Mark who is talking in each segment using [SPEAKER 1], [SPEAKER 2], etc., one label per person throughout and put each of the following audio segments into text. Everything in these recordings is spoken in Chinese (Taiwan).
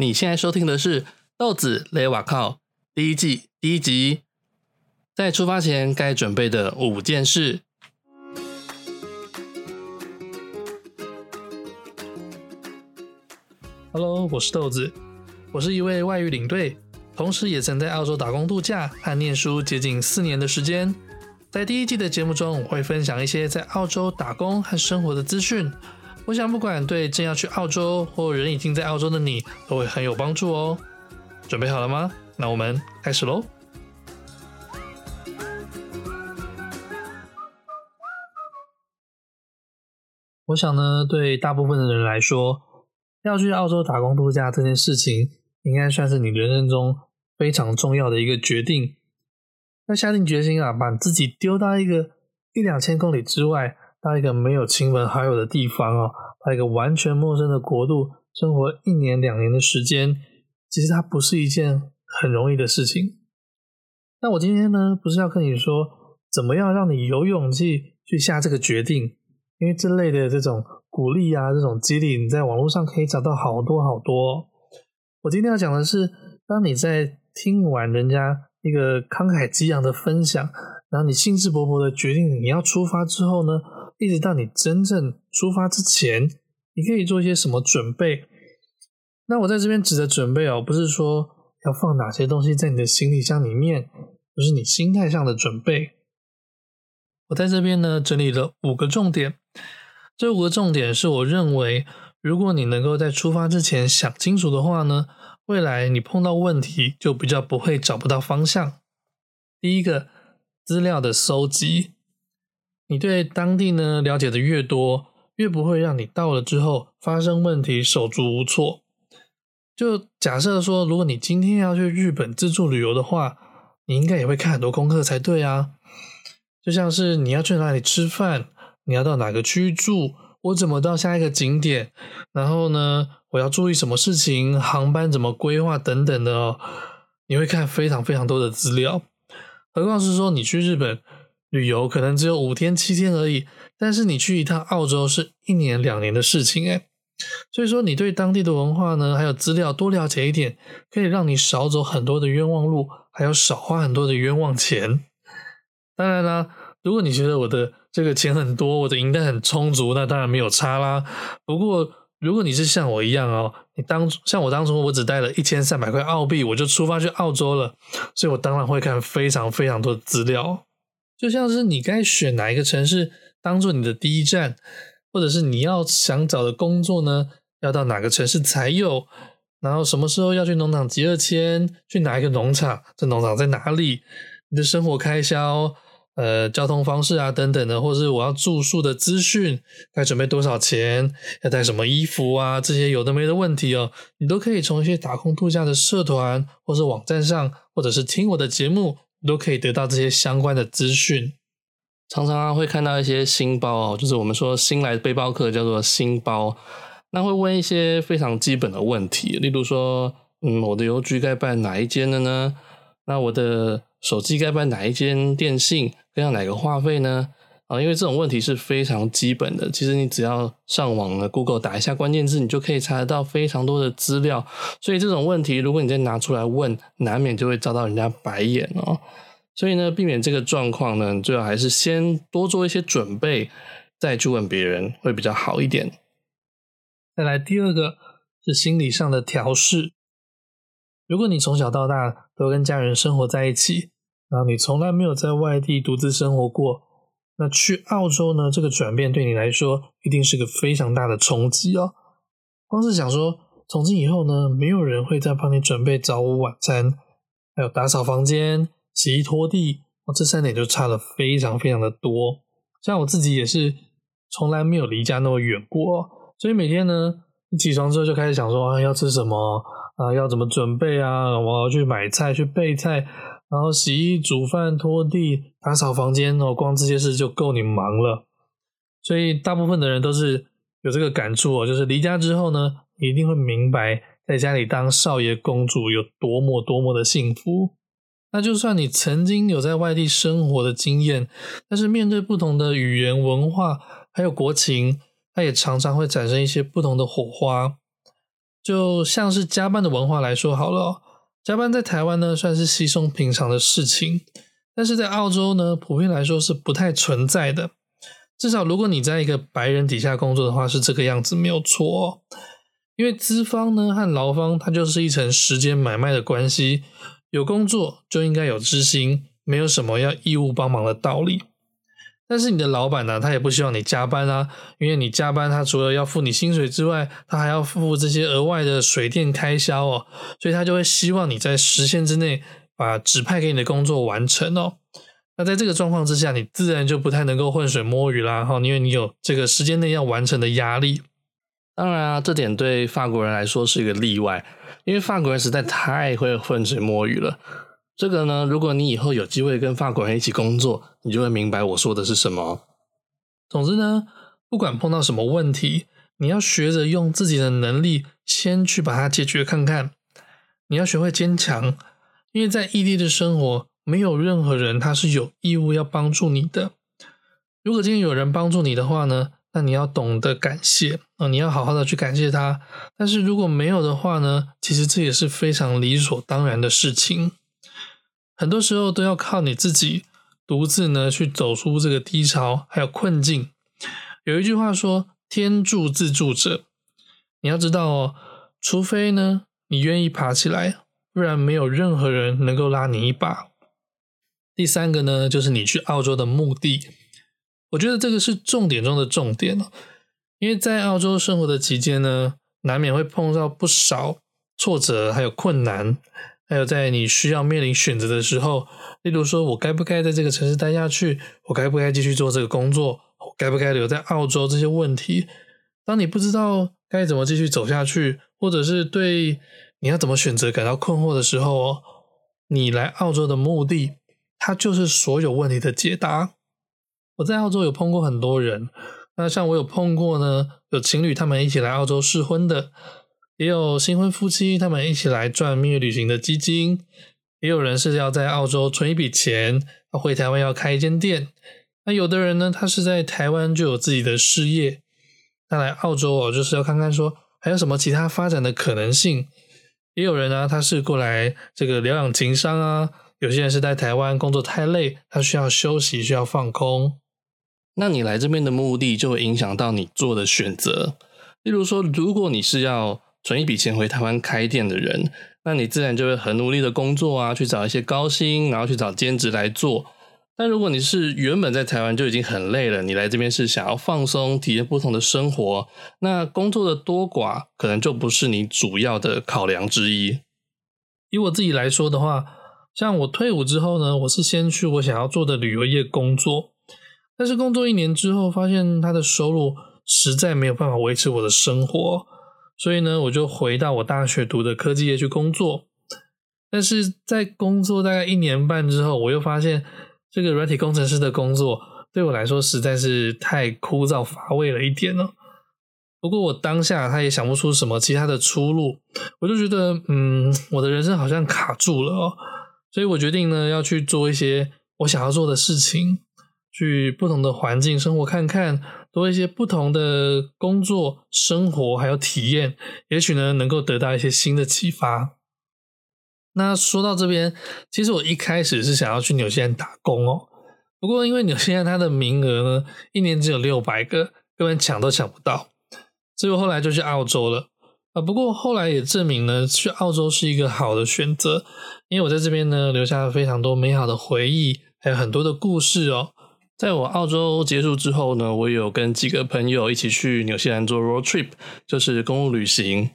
[SPEAKER 1] 你現在收聽的是《豆子勒瓦靠》第一季第一集，第一集，在出發前該準備的五件事。Hello，我是豆子，我是一位外語領隊，同時也曾在澳洲打工度假和念書接近四年的時間。在第一季的節目中，我會分享一些在澳洲打工和生活的資訊。我想，不管對正要去澳洲或人已經在澳洲的你，都會很有幫助哦。準備好了嗎？那我們開始嘍。我想呢，對大部分的人來說，要去澳洲打工度假這件事情，應該算是你人生中非常重要的一個決定。要下定決心啊，把自己丟到一個一兩千公里之外，到一個沒有親朋好友的地方哦。在一個完全陌生的國度生活一年兩年的時間，其實它不是一件很容易的事情。那我今天呢，不是要跟你說怎麼樣讓你有勇氣去下這個決定，因為這類的這種鼓勵啊，這種激勵，你在網絡上可以找到好多好多哦。我今天要講的是，當你在聽完人家一個慷慨激昂的分享，然後你興致勃勃的決定你要出發之後呢，一直到你真正出發之前，你可以做一些什麼準備？那我在這邊指的準備啊、哦，不是說要放哪些東西在你的行李箱裡面，而是你心態上的準備。我在這邊呢整理了五個重點，這五個重點是我認為，如果你能夠在出發之前想清楚的話呢，未來你碰到問題就比較不會找不到方向。第一個，資料的搜集。你對當地呢了解的越多，越不會讓你到了之後發生問題，手足無措。就假設說，如果你今天要去日本自助旅遊的話，你應該也會看很多功課才對啊。就像是你要去哪裡吃飯，你要到哪個區住，我怎麼到下一個景點，然後呢，我要注意什麼事情，航班怎麼規劃等等的哦，你會看非常非常多的資料。何況是說你去日本。旅遊可能只有五天七天而已，但是你去一趟澳洲是一年兩年的事情哎、欸，所以說你對當地的文化呢，還有資料多了解一點，可以讓你少走很多的冤枉路，還有少花很多的冤枉錢。當然啦，如果你覺得我的這個錢很多，我的銀彈很充足，那當然沒有差啦。不過如果你是像我一樣哦，你當，像我當初我只帶了一千三百塊澳幣，我就出發去澳洲了，所以我當然會看非常非常多的資料。就像是你該選哪一個城市當做你的第一站，或者是你要想找的工作呢，要到哪個城市才有？然後什麼時候要去農場集二簽？去哪一個農場？這農場在哪裡？你的生活開銷，呃，交通方式啊等等的，或者是我要住宿的資訊，該準備多少錢？要帶什麼衣服啊？這些有的沒的問題哦，你都可以從一些打工度假的社團，或者是網站上，或者是聽我的節目，都可以得到這些相關的資訊。常常啊會看到一些新包哦，就是我們說新來的背包客叫做新包，那會問一些非常基本的問題，例如說，嗯，我的郵局該辦哪一間的呢？那我的手機該辦哪一間電信？該要哪個話費呢？啊，因為這種問題是非常基本的。其實你只要上網呢，Google 打一下關鍵字，你就可以查得到非常多的資料。所以這種問題，如果你再拿出來問，難免就會遭到人家白眼哦。所以呢，避免這個狀況呢，最好還是先多做一些準備，再去問別人會比較好一點。再來第二個是心理上的調適。如果你從小到大都跟家人生活在一起，然後你從來沒有在外地獨自生活過。那去澳洲呢，這個轉變對你來說一定是個非常大的衝擊哦。光是想說，從今以後呢，沒有人會再幫你準備早午晚餐，還有打掃房間、洗衣拖地，這三點就差了非常非常的多。像我自己也是從來沒有離家那麼遠過哦，所以每天呢，起床之後就開始想說啊，要吃什麼啊，要怎麼準備啊，我要去買菜去備菜。然後洗衣、煮飯、拖地、打掃房間，哦，光這些事就夠你忙了。所以大部分的人都是有這個感觸哦，就是離家之後呢，你一定會明白在家裡當少爺、公主有多麼多麼的幸福。那就算你曾經有在外地生活的經驗，但是面對不同的語言、文化，還有國情，它也常常會產生一些不同的火花。就像是加班的文化來說，好了。加班在台灣呢算是稀鬆平常的事情，但是在澳洲呢，普遍來說是不太存在的。至少如果你在一個白人底下工作的話，是這個樣子，沒有錯哦。因為資方呢和勞方，它就是一層時間買賣的關係。有工作就應該有資薪，沒有什麼要義務幫忙的道理。但是你的老闆呢，啊，他也不希望你加班啊，因為你加班，他除了要付你薪水之外，他還要付這些額外的水電開銷哦，所以他就會希望你在時限之內把指派給你的工作完成哦。那在這個狀況之下，你自然就不太能夠混水摸魚啦。哈，因為你有這個時間內要完成的壓力。當然啊，這點對法國人來說是一個例外，因為法國人實在太會混水摸魚了。這個呢，如果你以後有機會跟法國人一起工作，你就會明白我說的是什麼。總之呢，不管碰到什麼問題，你要學着用自己的能力先去把它解決看看。你要學會堅強，因為在異地的生活，沒有任何人他是有義務要幫助你的。如果今天有人幫助你的話呢，那你要懂得感謝，呃，你要好好的去感謝他。但是如果沒有的話呢，其實這也是非常理所當然的事情。很多時候都要靠你自己獨自呢去走出這個低潮，還有困境。有一句話說：“天助自助者。”你要知道哦，除非呢你願意爬起來，不然沒有任何人能夠拉你一把。第三個呢，就是你去澳洲的目的。我覺得這個是重點中的重點哦，因為在澳洲生活的期間呢，難免會碰到不少挫折，還有困難。還有在你需要面臨選擇的時候，例如說我該不該在這個城市待下去，我該不該繼續做這個工作，我該不該留在澳洲這些問題。當你不知道該怎麼繼續走下去，或者是對你要怎麼選擇感到困惑的時候，你來澳洲的目的，它就是所有問題的解答。我在澳洲有碰過很多人，那像我有碰過呢，有情侶他們一起來澳洲試婚的。也有新婚夫妻，他們一起來賺蜜月旅行的基金；也有人是要在澳洲存一筆錢，回台灣要開一間店。那有的人呢，他是在台灣就有自己的事業，他來澳洲哦，就是要看看說還有什麼其他發展的可能性。也有人呢、啊，他是過來這個療養情商啊。有些人是在台灣工作太累，他需要休息，需要放空。那你來這邊的目的就會影響到你做的選擇。例如說，如果你是要存一筆錢回台灣開店的人，那你自然就會很努力的工作啊，去找一些高薪，然後去找兼職來做。但如果你是原本在台灣就已經很累了，你來這邊是想要放鬆、體驗不同的生活，那工作的多寡可能就不是你主要的考量之一。以我自己來說的話，像我退伍之後呢，我是先去我想要做的旅遊業工作，但是工作一年之後，發現他的收入實在沒有辦法維持我的生活。所以呢，我就回到我大學讀的科技業去工作，但是在工作大概一年半之後，我又發現這個軟體工程師的工作對我來說實在是太枯燥乏味了一點了。不過我當下他也想不出什麼其他的出路，我就覺得，嗯，我的人生好像卡住了哦，所以我決定呢要去做一些我想要做的事情，去不同的環境生活看看。多一些不同的工作、生活還有體驗，也許呢能夠得到一些新的啟發。那說到這邊，其實我一開始是想要去紐西蘭打工哦，不過因為紐西蘭它的名額呢一年只有六百個，根本搶都搶不到，所以我後來就去澳洲了啊。不過後來也證明呢，去澳洲是一個好的選擇，因為我在這邊呢留下了非常多美好的回憶，還有很多的故事哦。在我澳洲結束之後呢，我有跟幾個朋友一起去紐西蘭做 road trip，就是公路旅行。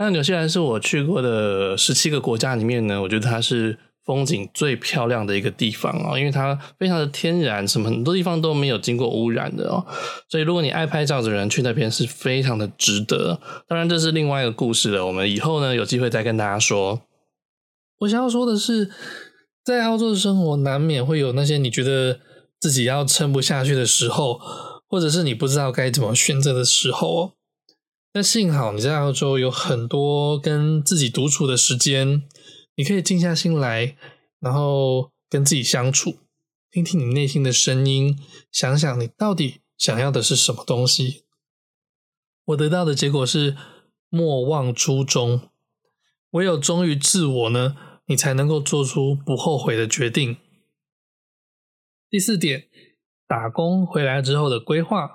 [SPEAKER 1] 那紐西蘭是我去過的十七個國家裡面呢，我覺得它是風景最漂亮的一個地方啊，因為它非常的天然，什麼很多地方都沒有經過污染的哦。所以如果你愛拍照的人，去那邊是非常的值得。當然這是另外一個故事了，我們以後呢有機會再跟大家說。我想要說的是，在澳洲的生活難免會有那些你覺得。自己要撐不下去的時候，或者是你不知道該怎麼選擇的時候哦，那幸好你在澳洲有很多跟自己獨處的時間，你可以靜下心來，然後跟自己相處，聽聽你內心的聲音，想想你到底想要的是什麼東西。我得到的結果是莫忘初衷，唯有忠於自我呢，你才能夠做出不後悔的決定。第四點，打工回來之後的規劃，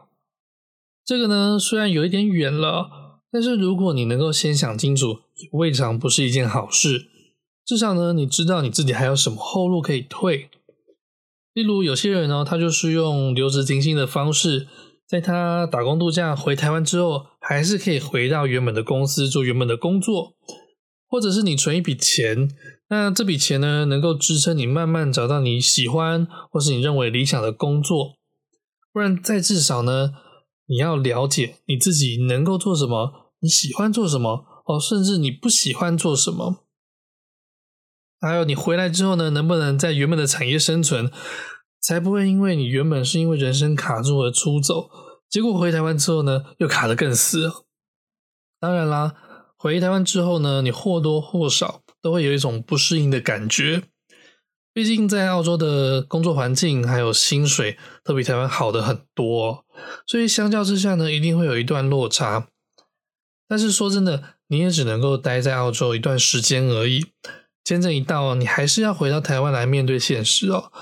[SPEAKER 1] 這個呢，雖然有一點遠了，但是如果你能夠先想清楚，未嘗不是一件好事。至少呢，你知道你自己還有什麼後路可以退。例如有些人呢，他就是用留職停薪的方式，在他打工度假回台灣之後，還是可以回到原本的公司做原本的工作。或者是你存一筆錢，那這筆錢呢，能夠支撐你慢慢找到你喜歡，或是你認為理想的工作。不然，再至少呢，你要了解你自己能夠做什麼，你喜歡做什麼，哦，甚至你不喜歡做什麼。還有，你回來之後呢，能不能在原本的產業生存，才不會因為你原本是因為人生卡住而出走，結果回台灣之後呢，又卡得更死。當然啦。回台灣之後呢，你或多或少都會有一種不適應的感覺。畢竟在澳洲的工作環境還有薪水都比台灣好的很多哦，所以相較之下呢，一定會有一段落差。但是說真的，你也只能夠待在澳洲一段時間而已，簽證一到，你還是要回到台灣來面對現實哦。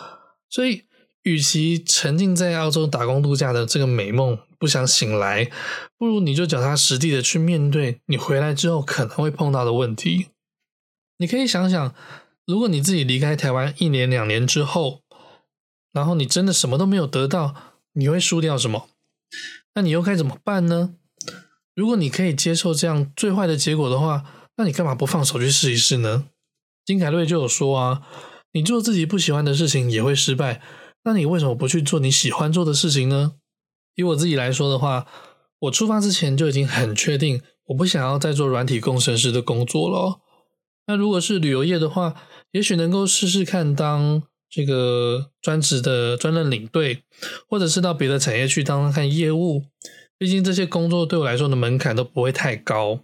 [SPEAKER 1] 所以，與其沉浸在澳洲打工度假的這個美夢，不想醒來，不如你就腳踏實地的去面對你回來之後可能會碰到的問題。你可以想想，如果你自己離開台灣一年兩年之後，然後你真的什麼都沒有得到，你會輸掉什麼？那你又該怎麼辦呢？如果你可以接受這樣最壞的結果的話，那你幹嘛不放手去試一試呢？金凱瑞就有說啊，你做自己不喜歡的事情也會失敗，那你為什麼不去做你喜歡做的事情呢？以我自己來說的話，我出發之前就已經很確定，我不想要再做軟體工程師的工作了。那如果是旅遊業的話，也許能夠試試看當這個專職的專任領隊，或者是到別的產業去當當看業務。畢竟這些工作對我來說的門檻都不會太高。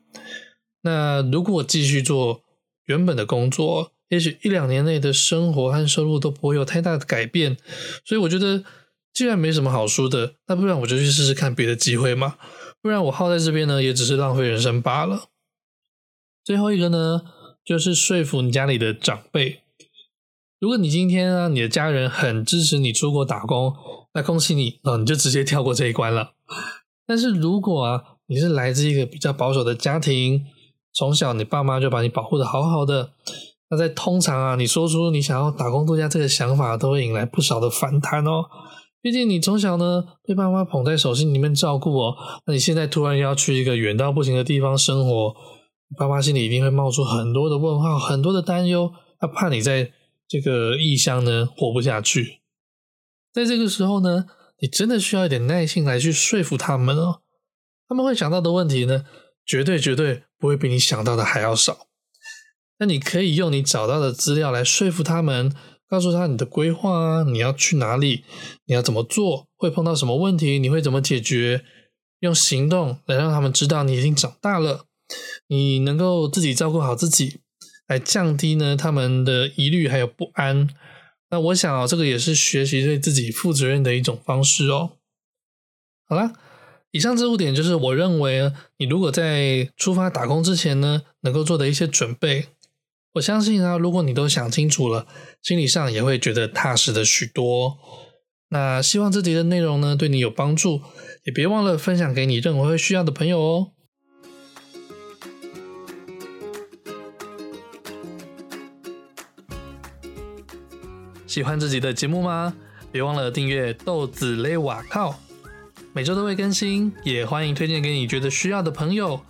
[SPEAKER 1] 那如果我繼續做原本的工作，也許一兩年內的生活和收入都不會有太大的改變。所以我覺得。既然沒什麼好說的，那不然我就去試試看別的機會嘛。不然我耗在這邊呢，也只是浪費人生罷了。最後一個呢，就是說服你家裡的長輩。如果你今天啊，你的家人很支持你出國打工，那恭喜你，哦，你就直接跳過這一關了。但是如果啊，你是來自一個比較保守的家庭，從小你爸媽就把你保護得好好的，那在通常啊，你說出你想要打工度假這個想法，都會引來不少的反彈哦。畢竟你從小呢被爸媽捧在手心裡面照顧哦，那你現在突然要去一個遠到不行的地方生活，爸媽心裡一定會冒出很多的問號，很多的擔憂，他怕你在這個異鄉呢活不下去。在這個時候呢，你真的需要一點耐心來去說服他們哦。他們會想到的問題呢，絕對絕對不會比你想到的還要少。那你可以用你找到的資料來說服他們。告訴他你的規劃啊，你要去哪裡，你要怎麼做，會碰到什麼問題，你會怎麼解決？用行動來讓他們知道你已經長大了，你能夠自己照顧好自己，來降低呢他們的疑慮還有不安。那我想哦，這個也是學習對自己負責任的一種方式哦。好啦，以上這五點就是我認為你如果在出發打工之前呢，能夠做的一些準備。我相信啊，如果你都想清楚了，心理上也會覺得踏實的許多。那希望這集的內容呢，對你有幫助，也別忘了分享給你認為會需要的朋友哦。喜歡這集的節目嗎？別忘了訂閱豆子勒瓦靠，每周都會更新，也歡迎推薦給你覺得需要的朋友。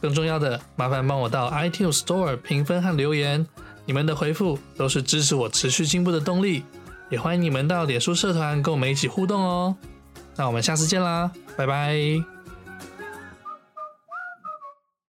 [SPEAKER 1] 更重要的，麻煩幫我到 iTunes Store 評分和留言，你們的回覆都是支持我持續進步的動力。也歡迎你們到臉書社團跟我們一起互動哦。那我們下次見啦，拜拜。